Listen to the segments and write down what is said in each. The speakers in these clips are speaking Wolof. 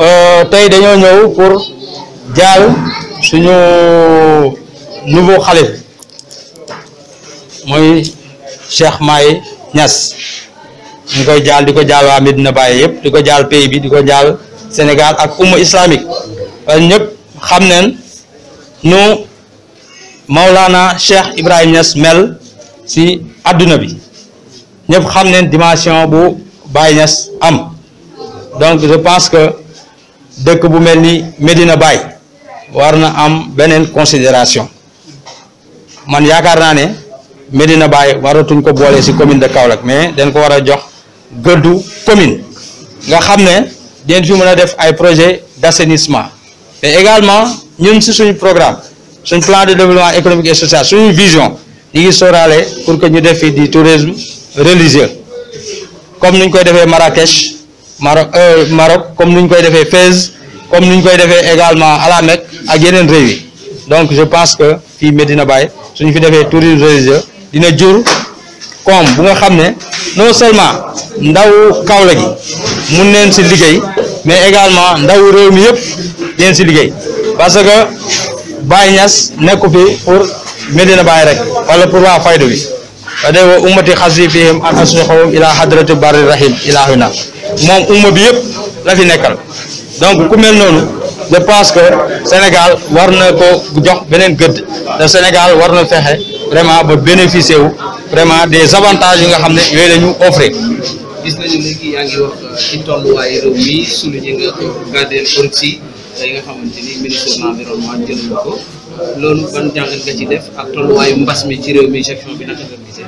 Euh, tey dañoo ñëw pour jaal suñu nouveau xalif mooy Cheikh Maye Niass ñu koy jaal di ko jaal waa Medina Baye yëpp di ko jaal pays bi di ko jaal Sénégal ak umma islamique waaye ñëpp xam neen nu Maulana Cheikh Ibrahim Niass mel si àdduna bi ñëpp xam neen dimension bu Baye Niass am donc je pense que dëkk bu mel ni Medina Baye war na am beneen considération man yaakaar naa ne Medina Baye waratuñ ko boole ci commune de Kaolack mais dañ ko war a jox gëddu commune nga xam ne den fi mën a def ay projet d'assainissement mais également ñun si suñu programme suñ plan de développement économique et social suñu vision ñu ngi sóoraale pour que ñu def fi du tourisme religieux comme ni koy defee Marrakech. Maroc euh, Maroc comme ni ñu koy defee Fès comme ni ñu koy defee également à la ak yeneen réew yi donc je pense que meddina Medina Baye suñu fi defee tourisme religieux dina jur koom bu nga xam ne non seulement ndaw Kaolack gi mun neen si liggéey mais également ndaw réew mi yëpp leen si liggéey parce que Baye Niass nekku fi pour Medina Baye rek wala pour waa faydu bi de wa ummati xasifihim an asrixohum ila hadrati barri rahim ilahuna moom umma bi yëpp la fi nekkal donc ku mel noonu je pense que Sénégal war na ko jox beneen gëdd te Sénégal war na fexe vraiment ba bénéficier wu vraiment des avantages yi nga xam ne yooyu la ñu gis nañu léegi yaa ngi wax euh, ci nga xamante loolu ban jàngat nga ci def ak tolluwaayu mbas mi ci réew mi gestion bi naka nga gisee.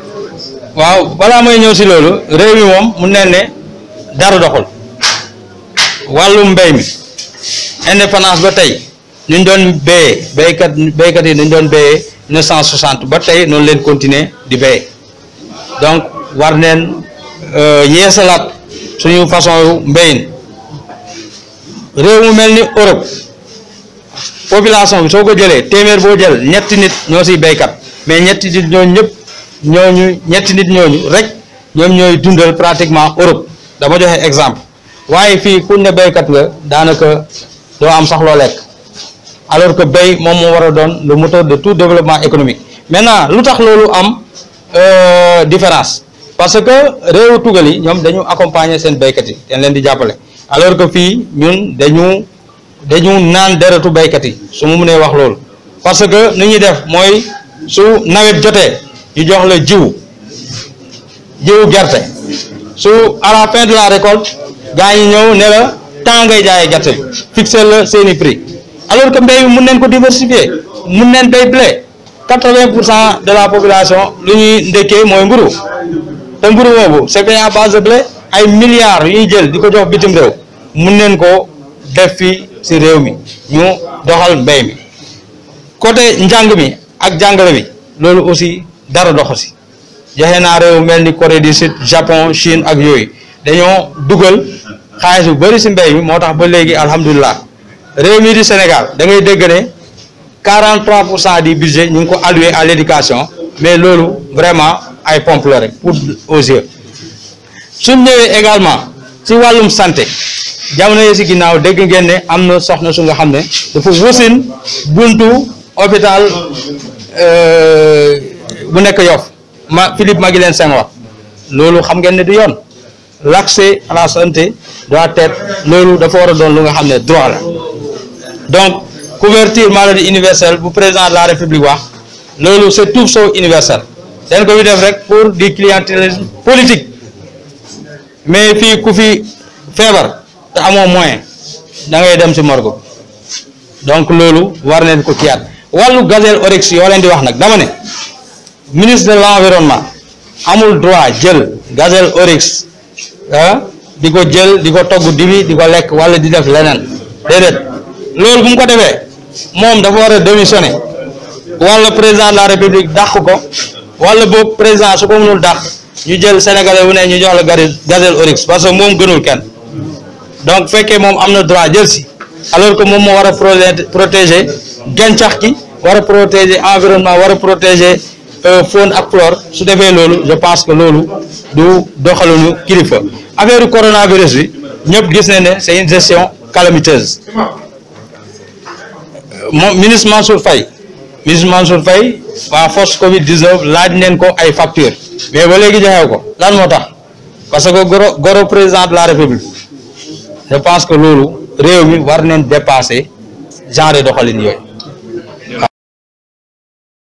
waaw balaa mooy ñëw si loolu réew mi moom mu ne ne dara doxul wàllu mbay mi indépendance ba tey ñu doon béyee béykat béykat yi ñu doon béyee 1960 ba tey noonu leen continuer di béyee donc war neen euh, yeesalaat suñu façon mbéyin réew mu mel ni Europe. population bi soo ko jëlee téeméer boo jël ñetti nit ñoo siy béykat mais ñetti nit ñooñu ñëpp ñooñu ñetti nit ñooñu rek ñoom ñooy dundal pratiquement Europe dama joxe exemple waaye fii ku ne béykat nga daanaka doo am sax loo lekk alors que béy moom moo war a doon le moteur de tout développement économique maintenant lu tax loolu am euh, différence parce que réewu tugal yi ñoom dañu accompagner seen béykat yi dañ leen di jàppale alors que fii ñun dañu dañu naan deretu baykat yi su mu mënee wax loolu parce que ni ñuy def mooy su nawet jotee ñu jox la jiw jiwu gerte su à la fin de la récolte gaa ñi ñëw ne la temps ngay jaayee gerte bi fixé la seeni prix alors que mbéy mi mun neen ko diversifier mun neen béy blé quatre-vingts cent de la population lu ñuy ndekkee mooy mburu te mburu boobu c'est fait à base de ay milliards yu ñuy jël di ko jox bitim réew mun neen ko def fi si réew mi ñu doxal mbéy mi côté njàng mi ak jàngale bi loolu aussi dara doxu si joxe naa réew mel ni Corée du Sud Japon Chine ak yooyu dañoo dugal xaalis bu bëri si mbéy mi moo tax ba léegi alhamdulilah réew mi di Sénégal da ngay dégg ne 43 pour cent du budget ñu ngi ko alluer à l' éducation mais loolu vraiment ay pompe la rek pour aux suñ ñëwee également ci wàllum santé. jamono yi si ginnaaw dégg ngeen am na soxna su nga xam ne dafa wasin buntu hôpital euh, bu nekk Yoff ma Philippe Maguilène Senghor loolu xam ngeen ne du yoon l'accès à la santé doit être loolu dafa war a doon lu nga xam ne droit la donc couverture maladie universelle bu président de la république wax loolu c'est tout sauf universel dañ ko fi def rek pour du clientélisme politique mais fii ku fi feebar amoo moyen da ngay dem si morgo donc loolu war leen ko kiyaat wàllu gazelle oryx yoo leen di wax nag dama ne ministre de l'environnement amul droit jël gazel orix ah di ko jël di ko togg dibi di ko lekk wala di def leneen déedéet loolu bu mu ko defee moom dafa war a démissionner wala président de la république dàq ko wala boobu président su ko mënul dàq ñu jël sénégalais wu ne ñu jox la gazelle oryx parce que moom gënul kenn. donc fekkee moom am na droit jël si alors que moom moo war a protéger gàncax gi war a protéger environnement war a protéger euh, faune ak flore su defee loolu je pense que loolu du doxaluñu kilifa affaire coronavirus bi ñëpp gis nañ ne c'est une gestion calamiteuse euh, moom ministre Mansour fay ministre Mansour Faye waa force Covid 19 laaj neen ko ay facture mais ba léegi joxew ko lan moo tax parce que goro goro président de la république. je pense que loolu réew mi war nañ dépasser genre doxalin yooyu